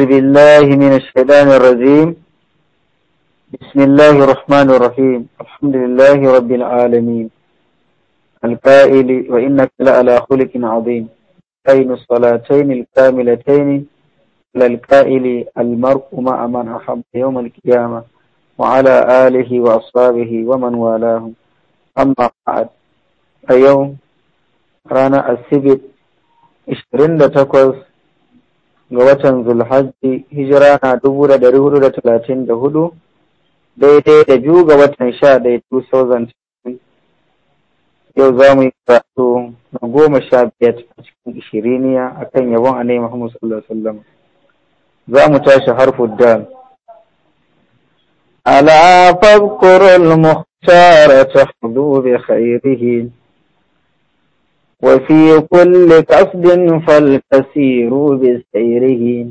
أعوذ بالله من الشيطان الرجيم بسم الله الرحمن الرحيم الحمد لله رب العالمين القائل وإنك لعلى خلق عظيم أين الصلاتين الكاملتين للقائل المرء مع من أحب يوم القيامة وعلى آله وأصحابه ومن والاه أما بعد اليوم رانا السبت لتكوز ga watan zulhajji hijira na dubu da dari hudu da talatin da hudu daidai da biyu ga watan sha ɗaya 2020 yau za mu yi karatu na goma sha biyar a cikin ishiriniya a kan yabon a nai Muhammad sallallahu alaihi za mu tashi harfu dal ala fadhkurul muhtara tahdu bi khairihi وفي كل قصد فالكثير بسيره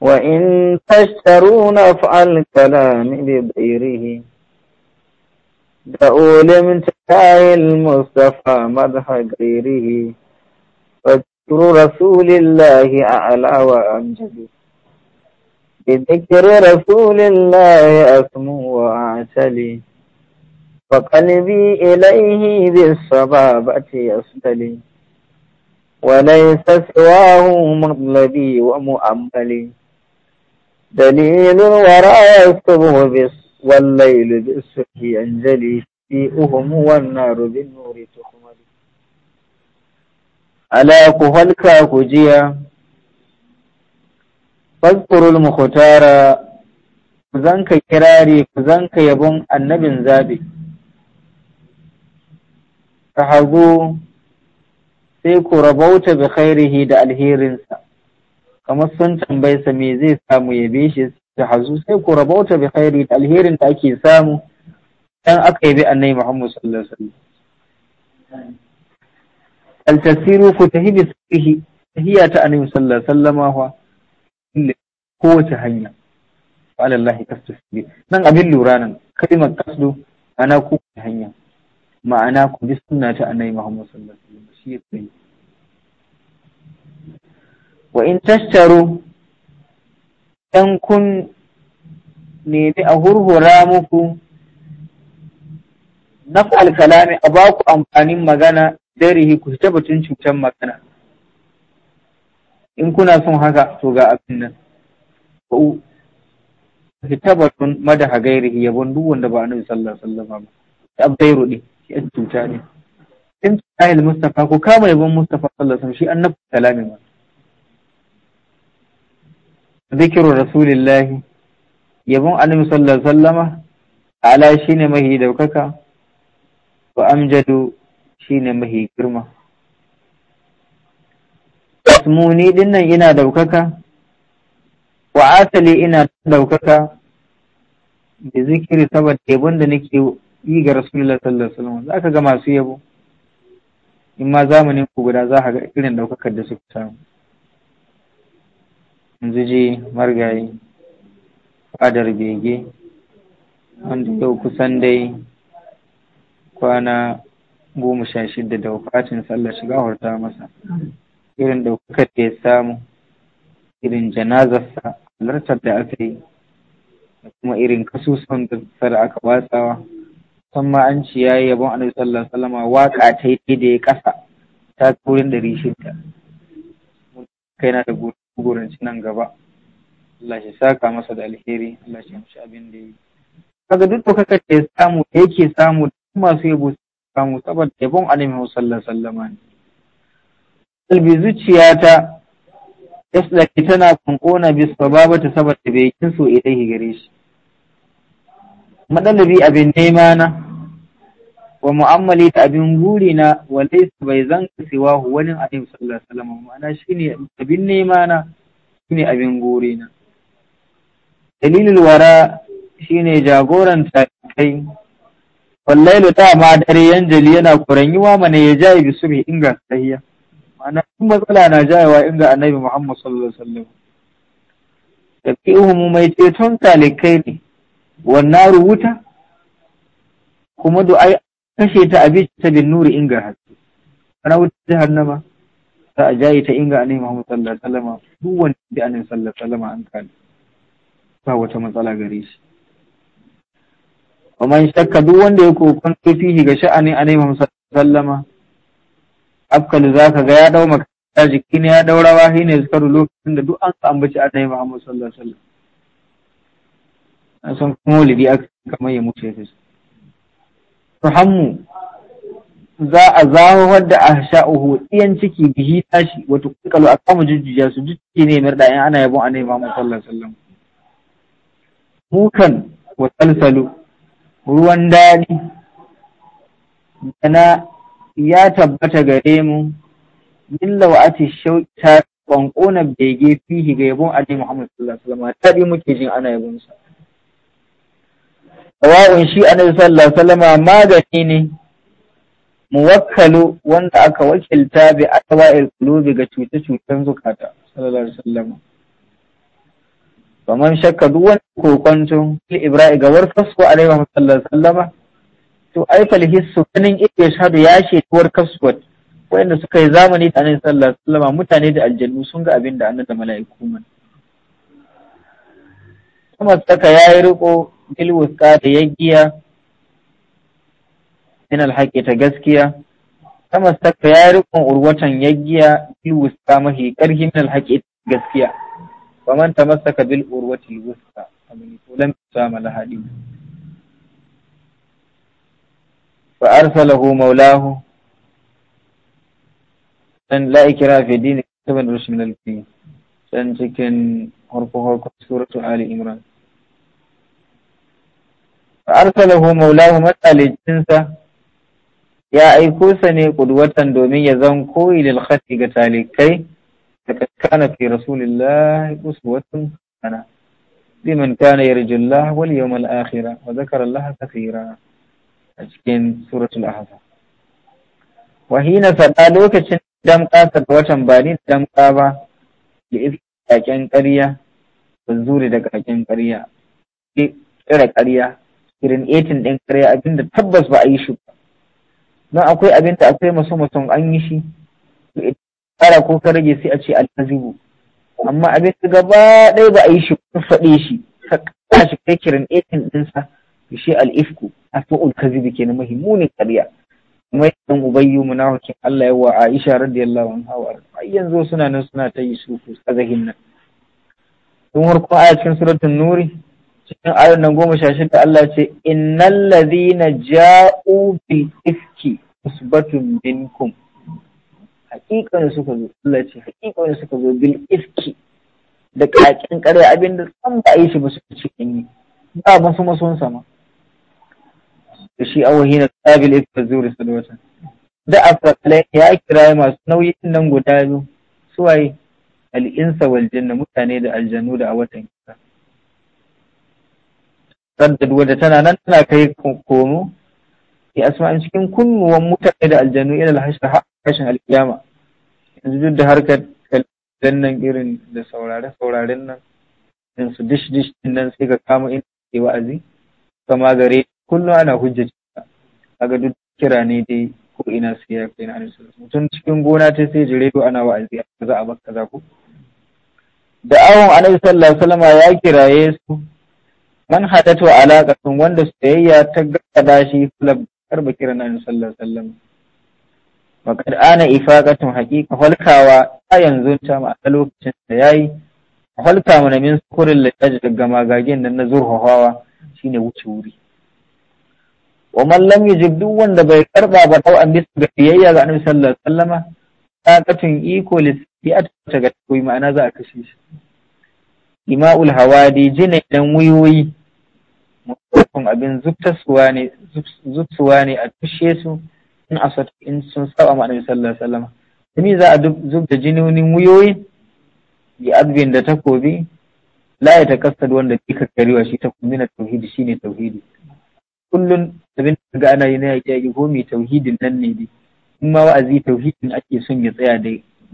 وإن تشترون كلام بغيره دعوا لامتكاء المصطفى مدح غيره فذكر رسول الله أعلى وأمجد بذكر رسول الله أسمو وأعتلي فقلبي إليه بالصبابة يصطلي وليس سواه مطلبي ومؤملي دليل وراء يكتبه والليل بالسكي ينجلي سيئهم والنار بالنور تخمل ألا كهلك كجيا فاذكر المختار ku zanka kirari ku zanka yabon annabin zabi ta hagu sai ku rabauta bi khairihi da alherinsa kamar sun tambayi sa me zai samu ya bi shi ta hazu sai ku rabauta bi khairi da alherin da ake samu dan aka bi annabi Muhammad sallallahu alaihi wasallam al tasiru ku tahibi sahihi tahiya ta annabi sallallahu alaihi wasallam ko kowace hanya wa alallahi kasdu nan abin lura nan kalimar kasdu ana kowace hanya ma'ana ku bi sunna ta annabi Muhammad sallallahu alaihi wasallam shi kai wa in tashtaru dan kun nemi a hurhura muku na kalami a baku amfanin magana darihi ku ta batun cutar magana in kuna son haka to ga abin nan ku ta batun madaha gairihi yabon duk wanda ba annabi sallallahu alaihi wasallam ba abdairu din yan cuta ne in ayil mustafa ko kama yabon mustafa sallallahu alaihi wasallam shi annabi kalamin zikiru rasulillahi yabon annabi sallallahu alaihi wasallama ala shine mahi daukaka wa amjadu shine mahi girma asmuni dinnan ina daukaka wa asali ina daukaka da zikiri saboda yabon da nake yi ga rasulullah sallallahu alaihi wasallam za ga masu yabo in ma zamanin ku guda za ka ga irin daukakar da suka samu yanzu je margayi fadar bege wanda yau kusan dai kwana goma sha shida da wakacin sallah shiga horta masa irin daukakar da ya samu irin janazarsa halartar da aka yi da kuma irin kasusan da aka watsawa san ma an ci yayi yabon annabi sallallahu alaihi wasallam waka ta yi da ya kasa ta da ɗari shida kai na da gurin nan gaba Allah shi saka masa da alheri Allah shi amshi abin da yi kaga duk dokaka kace samu yake samu masu yabo samu saboda yabon annabi sallallahu alaihi wasallam ne kalbi zuciyata yaslaki tana kunkona bis babata saboda bai kin so idai gare shi madalabi abin nema na wa mu'ammali ta abin buri na walai bai zan siwa wani annabi sallallahu alaihi wasallam ma'ana shine abin nema na shine abin buri na dalilul wara shine jagoran kai wallailu ta ma dare Jali yana kuranyuwa mana ya jaye bi subhi inga sahiya ma'ana in matsala na jayewa inga annabi Muhammad sallallahu alaihi wasallam tafi'uhum mai ceton talikai ne wannan rubuta kuma du'ai kashe ta abi ta bin nuri inga haske ana wuta jahannama za a jaye ta inga ne Muhammad sallar salama duk wanda bi annabi sallallahu alaihi an kani ba wata matsala gare shi amma in shakka duk wanda ya kokon fihi ga sha'ani annabi Muhammad sallallahu alaihi wasallam afkalu zaka ga ya dau maka jiki ne ya daura wahi ne zikaru lokacin da duk an ka ambaci annabi Muhammad sallallahu alaihi wasallam a san kuma walidi aka kamar ya mutu ya fesa rahammu za a zaho wadda a sha'uhu ɗiyan ciki bihi tashi wato kalu a kama jujjuya su jujjuki ne mai da'in ana yabon ana imam sallar alaihi mukan wa salsalu ruwan daɗi. dana ya tabbata gare mu min a shauki ta kwankona bege fihi ga yabon ali muhammad sallallahu alaihi wasallam tabi muke jin ana yabon sallar sawa'un shi annabi sallallahu alaihi wasallama magani ne muwakkalu wanda aka wakilta bi atwa'il qulubi ga cuce-cucen zukata sallallahu alaihi wasallama faman shakka duk wani kokonto fil ibra'i ga warkasu alaihi wa sallallahu alaihi wasallama to ai fal hissu ganin ya shahadu ya ce warkasu wanda suka yi zamani da annabi sallallahu alaihi wasallama mutane da aljannu sun ga abin da annabi da mala'iku man kuma saka yayi riko bilwuska ta yaggiya min alhaƙi ta gaskiya kama saka ya rikon urwatan yaggiya bilwuska mahi ƙarfi min alhaƙi ta gaskiya faman ta masaka bil urwati wuska amin kulan sama lahadi fa arsalahu maulahu dan la ikra fi dini saban rushmin al-fi dan cikin harko harko suratu ali imran arsalahu maulahu matsalicinsa ya aiko sa ne kudwatan domin ya zan koyi lil khati ga talikai da kana fi rasulillahi uswatun hasana liman kana yarjullah wal yawmal akhirah wa zakara Allah kathira a cikin suratul ahzab wa hina sada lokacin damƙa ta watan ba ni damƙa ba da iskaken ƙarya da zuri da ƙaken ƙarya ƙira ƙarya creating ɗin karya abinda tabbas ba a yi shi ba na akwai abinda akwai masu mutum an yi shi ƙara ko ka rage sai a ce alkazibu amma abin da gaba ɗaya ba a yi shi kun faɗe shi ka ƙasa shi kai kiran etin ɗinsa da shi al'ifku a su'ul kazibi ke na muhimmunin ƙarya kuma yadda ubayyu munafikin Allah yawa a isha radiyallahu anha wa ai yanzu suna nan suna ta yi su zahin nan tun warko a cikin suratun nuri cikin ayon nan goma sha shida Allah ce innal ladina ja'u bil ifki usbatun minkum hakikan suka zo Allah ce hakikan suka zo bil ifki da kakin kare abin da san ba a yi shi ba su cikin yi ba ba su mason sama da shi awahina qabil ifki zuri sadwata da afalai ya kira masu nauyin nan guda biyu suwaye al-insa mutane da aljanu da a watan kisa raddad wadda tana nan tana kai komo asma asma'in cikin kunnuwan mutane da aljanu ila alhashar hashin alkiyama yanzu duk da harkar dan nan irin da saurare sauraren nan in su dish dish din nan sai ka kama in ke wa'azi kama gare kullum ana hujjaci kaga duk kira ne dai ko ina sai ya kai na mutum cikin gona ta sai jire to ana wa'azi kaza a baka kaza ko da awon annabi sallallahu alaihi wasallam ya kiraye su man hatatu alaqatun wanda sayayya ta gaba shi falab karba kiran annabi sallallahu alaihi wasallam faqad ana ifaqatun haqiqa halkawa ta yanzu ta ma a lokacin da yayi halka mana min sukurin lajaj daga magagen da na zurhawa shine wuce wuri wa man lam duk wanda bai karba ba dau an bisa ga biyayya ga annabi sallallahu alaihi wasallam taqatin iko lisiyat ta ga koyi ma'ana za a kashe shi ima'ul hawadi jinai dan wuyoyi mutum abin zubtasuwa ne a tushe su in a in sun saba ma annabi sallallahu alaihi wasallam tuni za a zubta jinonin wuyoyi bi adbin da takobi la ya takassad wanda kika karewa shi takobi na tauhidi shine tauhidi kullun abin da ga ana yi na yaki yaƙi gomi tauhidin nan ne dai in ma wa'azi tauhidin ake son ya tsaya da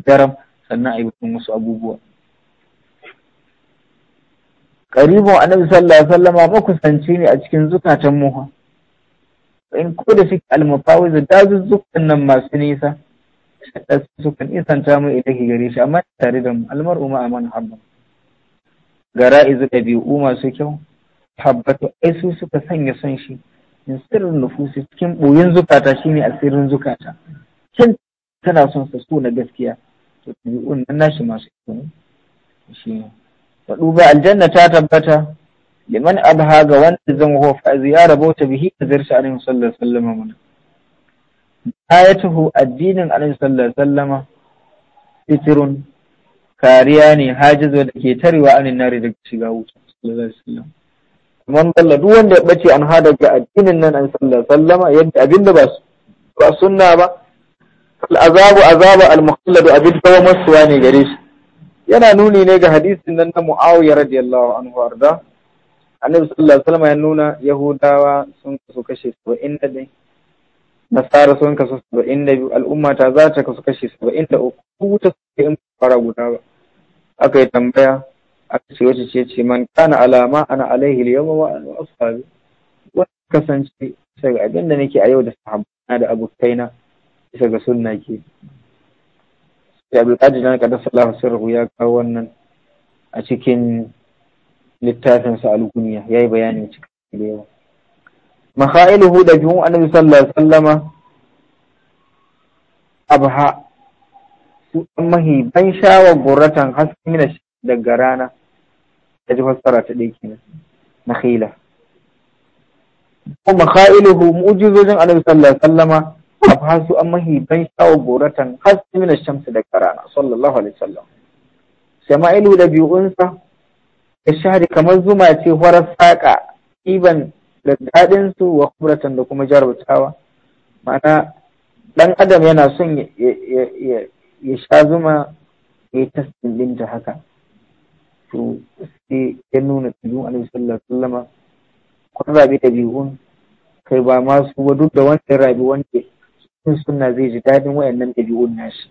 daram sannan a yi wasu abubuwa karibin annabi sallallahu alaihi ba kusanci ne a cikin zukatan mu in ko da shi almufawiz da dazuzzukan nan masu nisa da sukan isanta mu ke gare shi amma tare da mu almar'u ma aman habba gara izu ɗabi'u masu kyau habbatu ai su suka sanya son shi in sirrin nufusi cikin boyin zukata shine asirin zukata kin tana son sa su na gaskiya to ɗabi'un nan nashi masu kyau shi ne ka duba aljanna ta tabbata liman abha ga wanda zan a ziyara bauta bihi da zarta alaihi sallallahu alaihi wasallam mun ayatuhu addinin alaihi Sallar Sallama, fitirun kariya ne hajizo da ke tarewa anin nare daga shiga wuta sallallahu alaihi man dalla duk wanda ya ɓace an hada ga addinin nan an Sallar sallama yadda abinda ba ba sunna ba Al'azabu azabu azabu da mukhalladu abin kawo masuwa ne gare shi yana nuni ne ga hadisin nan na mu'awiyar radiyallahu anhu arda Annabi sallallahu alaihi wasallam ya nuna Yahudawa sun kasu kashe 71 Nasara sun kasu 72 al'umma ta za ta kasu kashe 73 wuta suke in fara guda ba aka yi tambaya aka ce wace ce ce man kana alama ana alaihi yawma wa ana wasu kasance bisa ga abinda nake a yau da sahabbana da abokaina bisa ga sunna ke abu kaji na kada salahu sirru ya kawo wannan a cikin littafinsa alguniya ya yi bayanin cikin da yawa makha'iluhu da bihun annabi sallallahu alaihi sallama abha su an mahi ban shawar goratan hasken mina daga rana ta ji fassara ta ɗaya kenan na khila ko makha'iluhu mu'jizojin annabi sallallahu alaihi sallama abhasu an ban shawo goratan har su mina shamsu da karana sallallahu alaihi sallam. sama'ilu da biyunsa da shahadi kamar zuma ce warar saƙa iban da daɗinsu wa kuratan da kuma jarabtawa ma'ana ɗan adam yana son ya sha zuma ya yi tasdin ɗinta haka to sai ya nuna tsibirin alaihi sallallahu alaihi sallama kun rabi da biyun kai ba masu wadu da wanda rabi wanda sun suna zai ji daɗin wayannan ɗabi'un nashi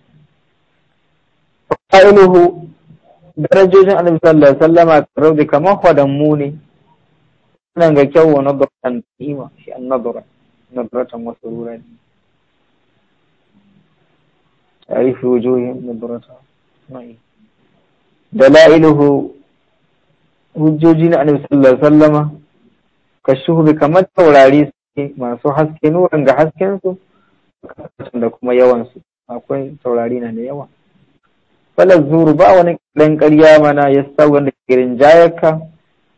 fa'iluhu darajojin annabi sallallahu alaihi wasallama raudi kamar mu ne nan ga kyau wa nadratan qima shi an nadra nadratan wasu rurani. ta'rifu wujuhihim nadratan mai dalailuhu hujjojin annabi sallallahu alaihi wasallama kashuhu kamar taurari masu haske nuran ga haskensu? da kuma yawansu akwai taurari na da yawa wala zuru ba wani dan ƙarya mana ya sa wanda ke jayaka.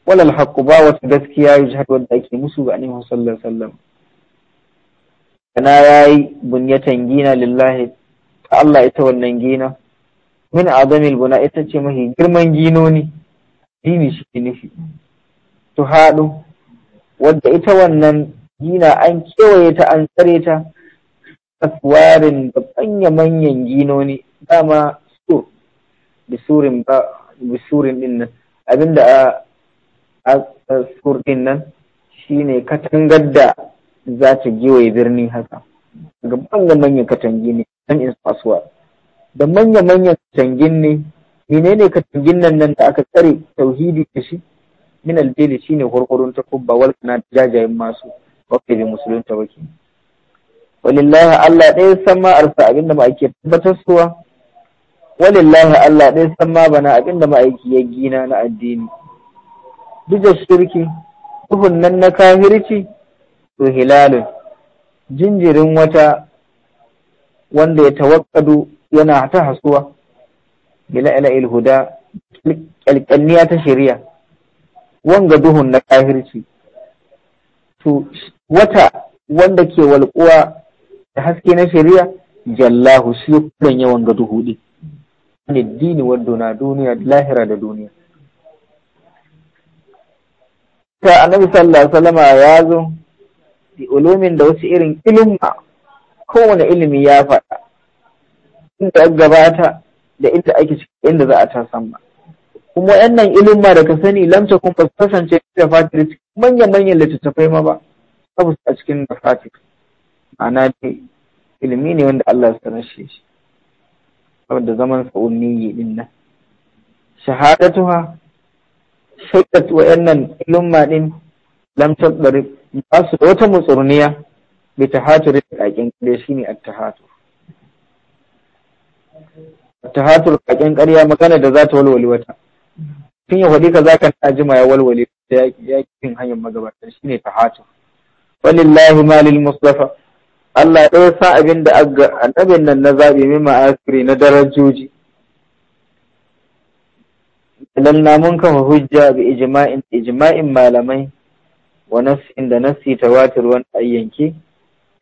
wala haqqu ba wata gaskiya ya jihar wanda ake musu ga annabi sallallahu alaihi wasallam kana yayi bunyatan gina lillahi ta Allah ita wannan gina min adamil buna ita ce mahi girman ginoni dini shi nufi to haɗu wadda ita wannan gina an kewaye ta an tsare ta aswarin da manya manyan ginoni dama su bisurin ba bisurin din nan abinda a sur din nan shine katangar da za ta gewaye birni haka daga manya manyan katangi ne nan in da manya manyan katangin ne menene katangin nan nan da aka tsare tauhidi da shi min albeli shine gurgurun kubba wal da jajayen masu wakilin musulunta wakilin walillahi Allah ɗaya san ma'arsa abinda ma'aiki tabbatar suwa walillahi Allah ɗaya san ma bana abinda ma'aiki ya gina na addini duk shirki duhun nan na kahirci to hilalin jinjirin wata wanda ya tawakkadu yana ta hasuwa bila ila ilhuda kyalkyalniya ta shirya wanga duhun na kahirci to wata wanda ke walƙuwa da haske na shari'a jallahu shi kudin yawan ga duhu ɗi ne dini wadda na duniya lahira da duniya ta annabi sallallahu alaihi ya zo da ulumin da wasu irin ilimma kowane ilimi ya faɗa inda gabata da inda ake cikin inda za a ta sama kuma wayannan ilimma da ka sani lamta kun ba kasance da fatir manyan manyan littattafai ma ba babu a cikin da fatir ana ilimi ne wanda Allah ya sanar shi saboda zaman sa'unni din nan shahadatuha shakkat wayannan ilumma din lam tadbari ba su da wata mutsurniya bi tahatur kakin kare shine at-tahatur at-tahatur kakin ƙarya magana da za ta walwali wata tun ya faɗi ka za ka na jima ya walwale da yakin hanyar magabatar shi ne tahatur walillahi malil mustafa Allah ɗaya sa abin da aga annabin nan na zaɓi min ma'asiri na darajoji idan na mun kafa hujja ga ijima'in malamai wa nafsin da nafsi tawatur wani ayyanki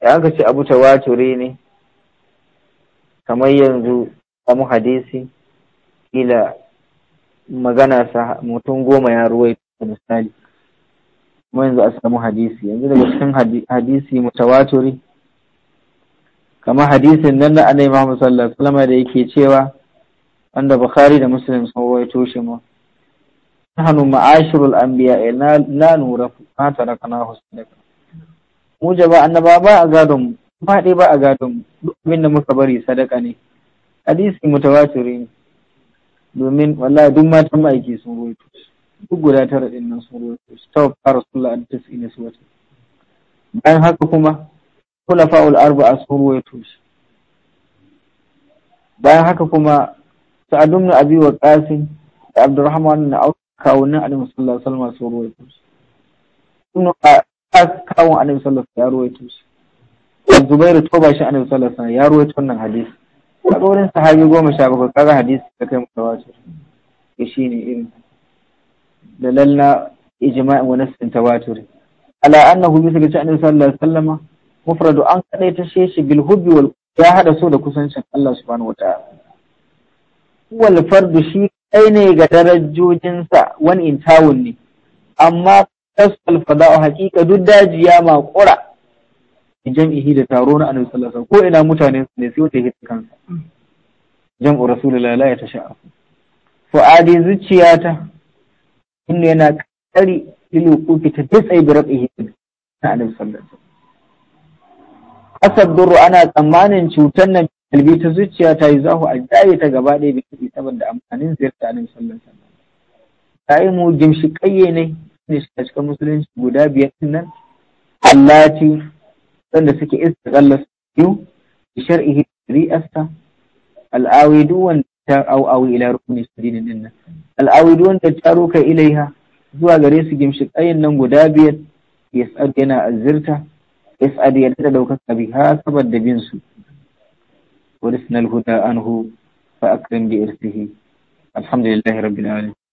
ya aka ce abu tawaturi ne kamar yanzu samu hadisi kila magana sa mutum goma ya da misali kuma yanzu a samu hadisi yanzu daga cikin hadisi mutawaturi kamar hadisin nan da annabi Muhammad sallallahu alaihi wasallam da yake cewa wanda Bukhari da Muslim sun rawaito shi mu nahnu ma'ashirul anbiya eh, na nura ma tarakana sadaka mu jaba annaba ba a gadon mu dai ba a gadon mu duk abin da muka bari sadaka ne hadisi mutawatiri ne domin wallahi duk matan ma'aiki sun rawaito duk guda tara din nan sun rawaito su ta fara sallah al-tis'ina su wata bayan haka kuma kulafa'ul arba'a sun ruwaito shi bayan haka kuma sa'ad ibn abi waqas da abdurrahman na kawo kawunan annabi sallallahu alaihi wasallam sun tushe. shi a as kawun annabi sallallahu alaihi wasallam tushe. ruwaito shi da toba shi annabi sallallahu alaihi wasallam ya ruwaito wannan hadisi a wurin sahabi goma sha bakwai kaga hadisi da kai mutawatir shi ne irin da lalla ijima'in wani nasin tawatur ala annahu bisa ga annabi sallallahu alaihi wasallam mufradu an kaɗai ta shi bil hubbi ya haɗa so da kusancin Allah subhanahu wa ta'ala wal fardu shi kai ne ga darajojinsa wani in tawun ne amma tasal fada'u haƙiƙa duk daji ya maƙura jam'ihi da taro na annabi sallallahu ko ina mutane su ne sai wata hita kansa jam'u rasulullahi la yatasha'afu fu'adi zuciyata inna yana kari lilu kuki ta dutse bi rabbihi na annabi sallallahu asad duru ana tsammanin cutar nan kalbi ta zuciya ta yi zahu a jaye ta gaba ɗaya da kuɗi saboda amfanin ziyarta annabi sallallahu alaihi wasallam ta yi mu ƙayye ne ne a cikin musulunci guda biyar din nan allati wanda suke iska tsalla su shar'ihi ri'asta duk wanda ta awi ila rukuni sadini ɗin nan duk wanda ta roka ilaiha zuwa gare su ƙayyen nan guda biyar yas'ad yana azirta اسأل يدد دوكك بها سبد بنسو ورثنا الهدى عنه فأكرم بإرثه الحمد لله رب العالمين